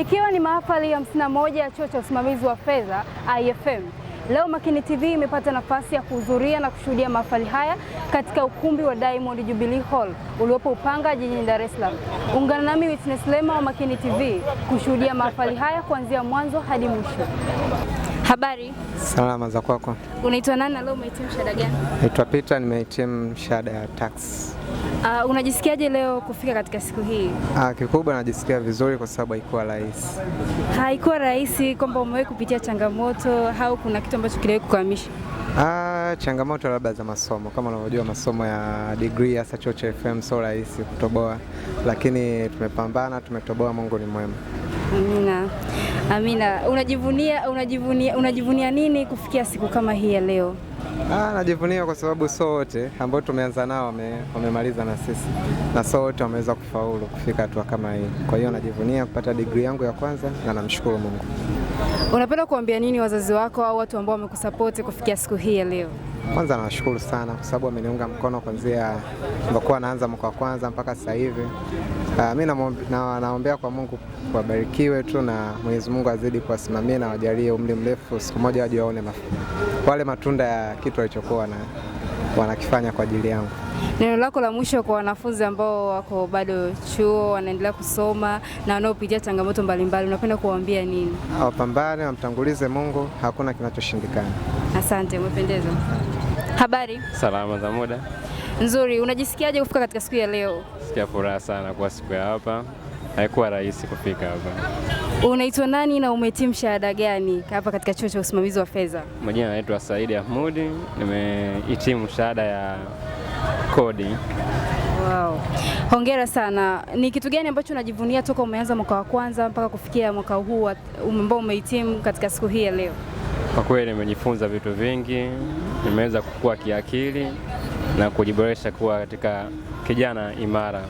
Ikiwa ni mahafali ya 51 ya chuo cha usimamizi wa fedha IFM, leo Makini TV imepata nafasi ya kuhudhuria na kushuhudia mahafali haya katika ukumbi wa Diamond Jubilee Hall uliopo Upanga jijini Dar es Salaam. Ungana nami Witness Lema wa Makini TV kushuhudia mahafali haya kuanzia mwanzo hadi mwisho. Habari? Salama za kwako. Unaitwa nani na leo umehitimu shahada gani? Naitwa Peter, nimehitimu shahada ya tax. Uh, unajisikiaje leo kufika katika siku hii? Ah, kikubwa najisikia vizuri kwa sababu haikuwa rahisi. Haikuwa rahisi kwamba umewahi kupitia changamoto au kuna kitu ambacho kiliwahi kukuhamisha? Ah, changamoto labda za masomo, kama unavyojua masomo ya degree hasa chuo cha FM sio rahisi kutoboa, lakini tumepambana, tumetoboa. Mungu ni mwema. Amina. Amina. Unajivunia, unajivunia, unajivunia nini kufikia siku kama hii ya leo? Ah, najivunia kwa sababu sote ambao tumeanza nao wamemaliza na sisi na sote wameweza kufaulu kufika hatua kama hii. Kwa hiyo najivunia kupata digrii yangu ya kwanza na namshukuru Mungu. Unapenda kuambia nini wazazi wako au watu ambao wamekusapoti kufikia siku hii ya leo? Kwanza nawashukuru sana kwa sababu ameniunga mkono kuanzia nilipokuwa naanza mwaka wa kwanza mpaka sasa hivi. Uh, mimi na, naombea kwa Mungu wabarikiwe tu na Mwenyezi Mungu azidi kuwasimamia na wajalie umri mrefu, siku moja waje waone wale matunda ya kitu walichokuwa na wanakifanya kwa ajili yangu. Neno lako la mwisho kwa wanafunzi ambao wako bado chuo wanaendelea kusoma na wanaopitia changamoto mbalimbali, unapenda kuwaambia nini? Wapambane, wamtangulize Mungu, hakuna kinachoshindikana. Asante, umependeza. Habari? Salama za muda. Nzuri. Unajisikiaje kufika katika siku ya leo? Sikia furaha sana kwa siku ya hapa. Haikuwa rahisi kufika hapa. Unaitwa nani na umehitimu shahada gani hapa katika chuo cha usimamizi wa fedha? Mwenyewe anaitwa Saidi Ahmudi, nimehitimu shahada ya kodi. Wow. Hongera sana. Ni kitu gani ambacho unajivunia toka umeanza mwaka wa kwanza mpaka kufikia mwaka huu ambao umehitimu katika siku hii ya leo? Kwa kweli nimejifunza vitu vingi, nimeweza kukua kiakili na kujiboresha kuwa katika kijana imara.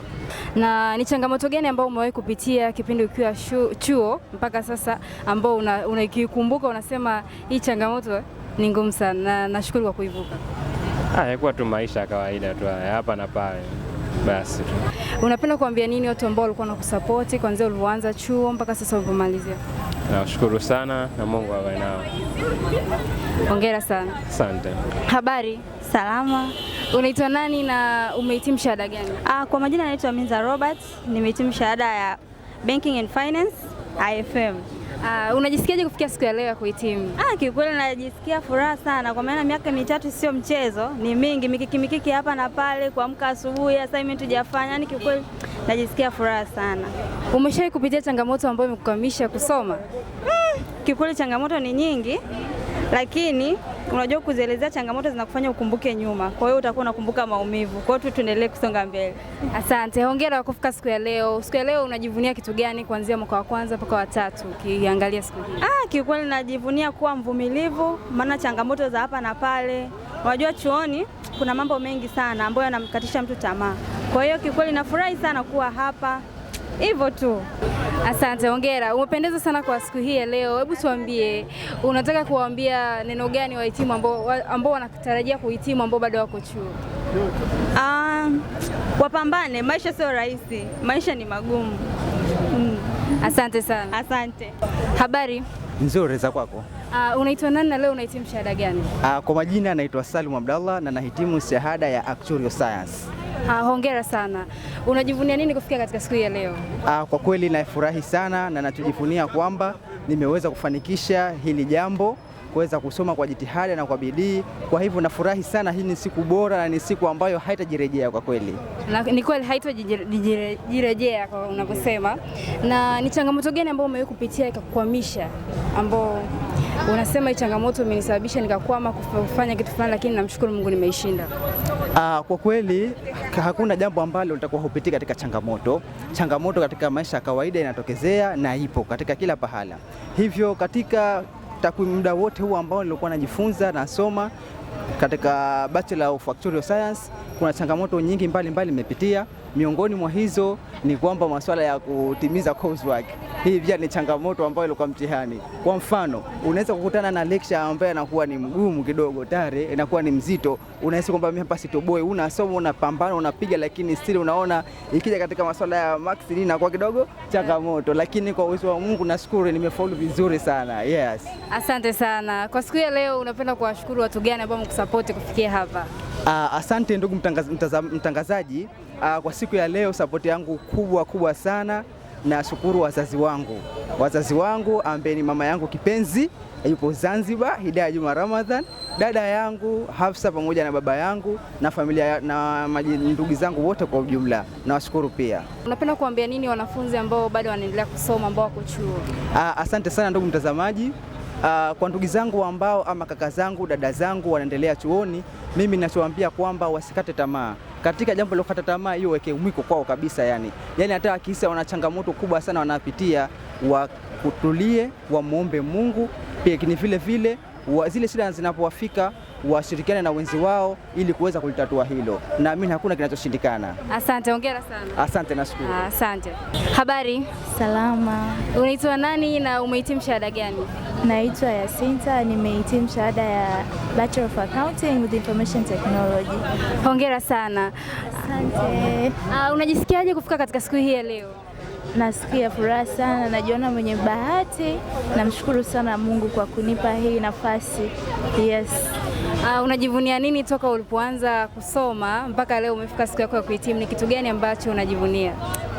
Na ni changamoto gani ambao umewahi kupitia kipindi ukiwa chuo mpaka sasa ambao unakikumbuka una, unasema hii changamoto ni ngumu sana na nashukuru kwa kuivuka? Ah, Hayakuwa tu maisha ya kawaida tu hapa na pale basi tu. Unapenda kuambia nini watu ambao walikuwa wanakusapoti kuanzia ulivyoanza chuo mpaka sasa ulipomalizia? Nawashukuru sana na Mungu awe nao. Hongera sana. Asante. Habari? Salama. Unaitwa nani na umehitimu shahada gani? Ah, kwa majina naitwa Minza Robert, nimehitimu shahada ya Banking and Finance IFM. Uh, unajisikiaje kufikia siku ya leo ya kuhitimu? Ah, kiukweli najisikia furaha sana kwa maana miaka mitatu sio mchezo, ni mingi mikiki mikiki hapa na pale, kuamka asubuhi, assignment hujafanya, yani kiukweli najisikia furaha sana. Umeshawahi kupitia changamoto ambayo imekukamisha kusoma? Mm, kiukweli changamoto ni nyingi lakini unajua kuzielezea changamoto zinakufanya ukumbuke nyuma, kwa hiyo utakuwa unakumbuka maumivu. Kwa hiyo tu tuendelee kusonga mbele. Asante, hongera kwa kufika siku ya leo. Siku ya leo unajivunia kitu gani kuanzia mwaka wa kwanza mpaka wa tatu ukiangalia siku hii? Ah, kiukweli najivunia kuwa mvumilivu, maana changamoto za hapa na pale, unajua chuoni kuna mambo mengi sana ambayo yanamkatisha mtu tamaa. Kwa hiyo kiukweli nafurahi sana kuwa hapa Hivyo tu. Asante, hongera. Umependeza sana kwa siku hii ya leo. Hebu tuambie, unataka kuwaambia neno gani wahitimu ambao ambao wanatarajia kuhitimu ambao bado wako chuo? Um, wapambane, maisha sio rahisi, maisha ni magumu. Mm. Asante sana. Asante. Habari? nzuri za kwako. Uh, unaitwa nani na leo unahitimu shahada gani? Uh, kwa majina naitwa Salimu Abdallah na nahitimu shahada ya Actuarial Science. Uh, hongera sana. Unajivunia nini kufikia katika siku hii ya leo? Uh, kwa kweli nafurahi sana na natujivunia kwamba nimeweza kufanikisha hili jambo kuweza kusoma kwa jitihada na kwa bidii. Kwa hivyo nafurahi sana, hii ni siku bora na ni siku ambayo haitajirejea kwa kweli. Na, ni kweli haitajirejea kwa unavyosema. Na ni changamoto gani ambayo umewahi kupitia ikakukwamisha, ambao unasema hii changamoto imenisababisha nikakwama kufanya kitu fulani, lakini namshukuru Mungu nimeishinda? Uh, kwa kweli hakuna jambo ambalo litakuwa hupitii katika changamoto. Changamoto katika maisha ya kawaida inatokezea na ipo katika kila pahala, hivyo katika takwimu muda wote huu ambao nilikuwa najifunza nasoma katika Bachelor of Actuarial Science, kuna changamoto nyingi mbalimbali nimepitia mbali Miongoni mwa hizo ni kwamba masuala ya kutimiza coursework. Hii pia ni changamoto ambayo ilikuwa mtihani. Kwa mfano, unaweza kukutana na lecture ambayo anakuwa ni mgumu kidogo, tare inakuwa ni mzito, unahisi kwamba mimi hapa sitoboe, unasoma unapambana, unapiga, lakini still unaona ikija katika masuala ya ni inakuwa kidogo changamoto, lakini kwa uwezo wa Mungu nashukuru nimefaulu vizuri sana. Yes. Asante sana. Kwa siku ya leo unapenda kuwashukuru watu gani ambao mkusapoti kufikia hapa? Uh, asante ndugu mtangazaji, mtangazaji. Uh, kwa siku ya leo sapoti yangu kubwa kubwa sana na shukuru wazazi wangu, wazazi wangu ambaye ni mama yangu kipenzi yupo Zanzibar, Hidaya Juma Ramadhan, dada yangu Hafsa pamoja na baba yangu na familia na ndugu zangu wote kwa ujumla, nawashukuru pia. Unapenda kuambia nini wanafunzi ambao bado wanaendelea kusoma ambao wako chuo? Ah, asante sana ndugu mtazamaji. Uh, kwa ndugu zangu ambao ama kaka zangu dada zangu wanaendelea chuoni, mimi ninachowaambia kwamba wasikate tamaa katika jambo la kukata tamaa, hiyo weke mwiko kwao kabisa. Yani yani hata akihisi wana changamoto kubwa sana wanapitia, wakutulie, wamwombe Mungu. Lakini vile vile zile shida zinapowafika washirikiane na wenzi wao ili kuweza kulitatua hilo. Naamini hakuna kinachoshindikana. Asante, hongera sana. Asante, nashukuru. Asante. Habari? Salama. Unaitwa nani na umehitimu shahada gani? Naitwa Yasinta, nimehitimu shahada ya Bachelor of Accounting with Information Technology. Hongera sana. Asante. Uh, unajisikiaje kufika katika siku hii ya leo? Nasikia furaha sana, najiona mwenye bahati. Namshukuru sana Mungu kwa kunipa hii nafasi. Yes. Uh, unajivunia nini toka ulipoanza kusoma mpaka leo umefika siku yako ya kuhitimu? Ni kitu gani ambacho unajivunia?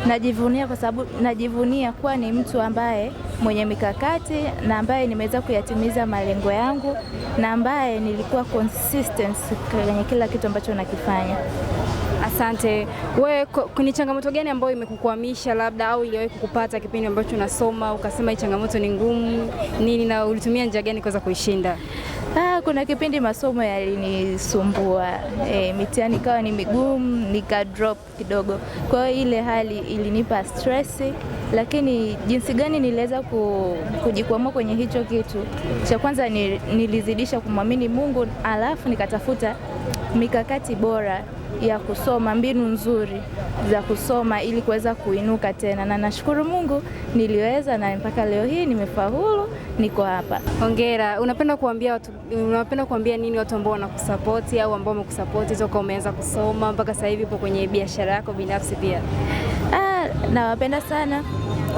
Najivunia kwa sababu najivunia kuwa ni mtu ambaye mwenye mikakati na ambaye nimeweza kuyatimiza malengo yangu na ambaye nilikuwa consistent kwenye kila kitu ambacho nakifanya. Asante. Wewe ni changamoto gani ambayo imekukwamisha labda au iliwahi kukupata kipindi ambacho unasoma ukasema hii changamoto ni ngumu nini, na ulitumia njia gani kuweza kuishinda? Ah, kuna kipindi masomo yalinisumbua e, mitihani ikawa ni migumu nika drop kidogo, kwa hiyo ile hali ilinipa stress, lakini jinsi gani niliweza kujikwamua kwenye hicho kitu cha kwanza, nilizidisha kumwamini Mungu, alafu nikatafuta mikakati bora ya kusoma, mbinu nzuri za kusoma ili kuweza kuinuka tena, na nashukuru Mungu niliweza, na mpaka leo hii nimefaulu, niko hapa. Hongera. Unapenda kuambia watu, unapenda kuambia nini watu ambao wanakusapoti au ambao wamekusapoti toka umeanza kusoma mpaka sasa hivi upo kwenye biashara yako binafsi pia? Ah, nawapenda sana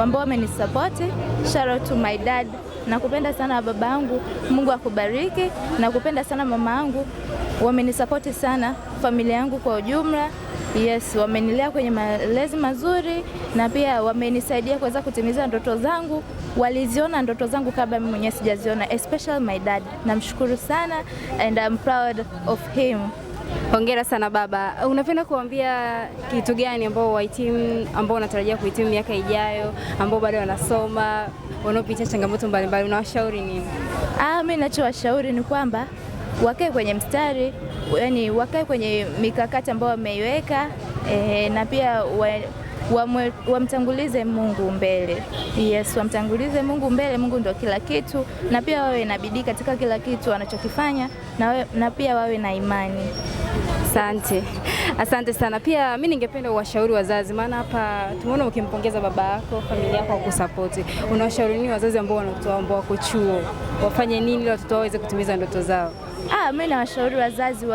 ambao wamenisapoti. Shout out to my dad Nakupenda sana baba yangu, Mungu akubariki. Nakupenda sana mama yangu, wamenisapoti sana, familia yangu kwa ujumla. Yes, wamenilea kwenye malezi mazuri na pia wamenisaidia kuweza kutimiza ndoto zangu. Waliziona ndoto zangu kabla mimi mwenyewe sijaziona, especially my dad. Namshukuru sana and I'm proud of him. Hongera sana baba. Unapenda kuambia kitu gani ambao wahitimu ambao unatarajia kuhitimu miaka ijayo ambao bado wanasoma wanaopitia changamoto mbalimbali unawashauri nini? Ah, mimi nachowashauri ni kwamba wakae kwenye mstari, yani wakae kwenye mikakati ambayo wameiweka e, na pia wa, wamtangulize wa Mungu mbele. Yes, wamtangulize Mungu mbele. Mungu ndio kila kitu, na pia wawe na bidii katika kila kitu wanachokifanya na, na pia wawe na imani. Asante, asante sana. Pia mi ningependa uwashauri wazazi, maana hapa tumeona ukimpongeza baba yako, familia yako wakusapoti. Unawashauri nini wazazi ambao wana watoto ambao wako chuo, wafanye nini ili watoto wao waweze kutimiza ndoto zao? Ah, mi nawashauri wazazi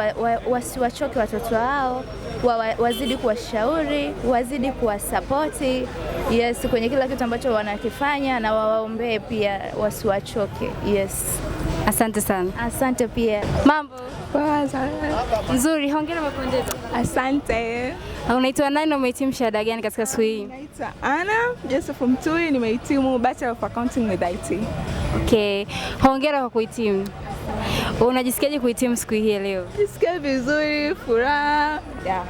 wasiwachoke wa, wa, watoto wao wa, wa, wazidi kuwashauri, wazidi kuwasapoti yes, kwenye kila kitu ambacho wanakifanya na wawaombee pia wasiwachoke yes. Asante sana. Asante pia. Mambo nzuri. Hongera, umependeza. Asante. Unaitwa nani na umehitimu shahada gani katika siku hii? Naitwa Ana Joseph Mtui, nimehitimu Bachelor of Accounting with IT. Okay. Hongera kwa kuhitimu. Unajisikiaje kuhitimu siku hii leo? Najisikia vizuri, furaha. Yeah.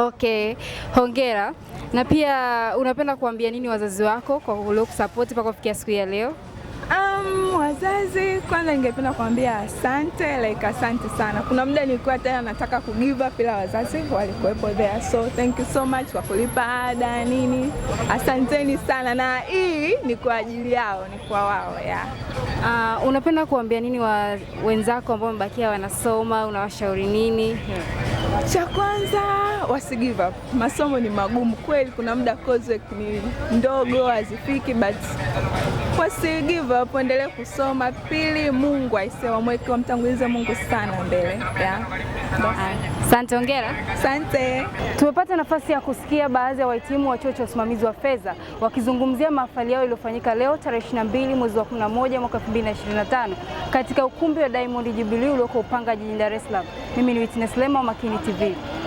Okay. Hongera. Na pia unapenda kuambia nini wazazi wako kwa uliokusapoti mpaka kufikia siku ya leo? Um, wazazi kwanza, ningependa kuambia asante, like asante sana. Kuna muda nilikuwa tena nataka kugiva bila wazazi walikuwepo there, so thank you so much kwa kulipa ada nini, asanteni sana, na hii ni kwa ajili yao, ni kwa wao yeah. Uh, unapenda kuambia nini wa wenzako ambao wamebakia wanasoma, unawashauri nini? yeah. Hmm. Cha kwanza wasi give up. Masomo ni magumu kweli, kuna muda coursework ni ndogo hazifiki but wasi give up, endelee kusoma. Pili, Mungu aisee, wamweke wamtangulize Mungu sana mbele. Asante, hongera. Asante. Tumepata nafasi ya kusikia baadhi ya wahitimu wa chuo cha usimamizi wa fedha wakizungumzia mahafali yao iliyofanyika leo tarehe 22 mwezi wa 11 mwaka 2025 katika ukumbi wa Diamond Jubilee ulioko Upanga jijini Dar es Salaam. Mimi ni Witness Lema wa Makini TV.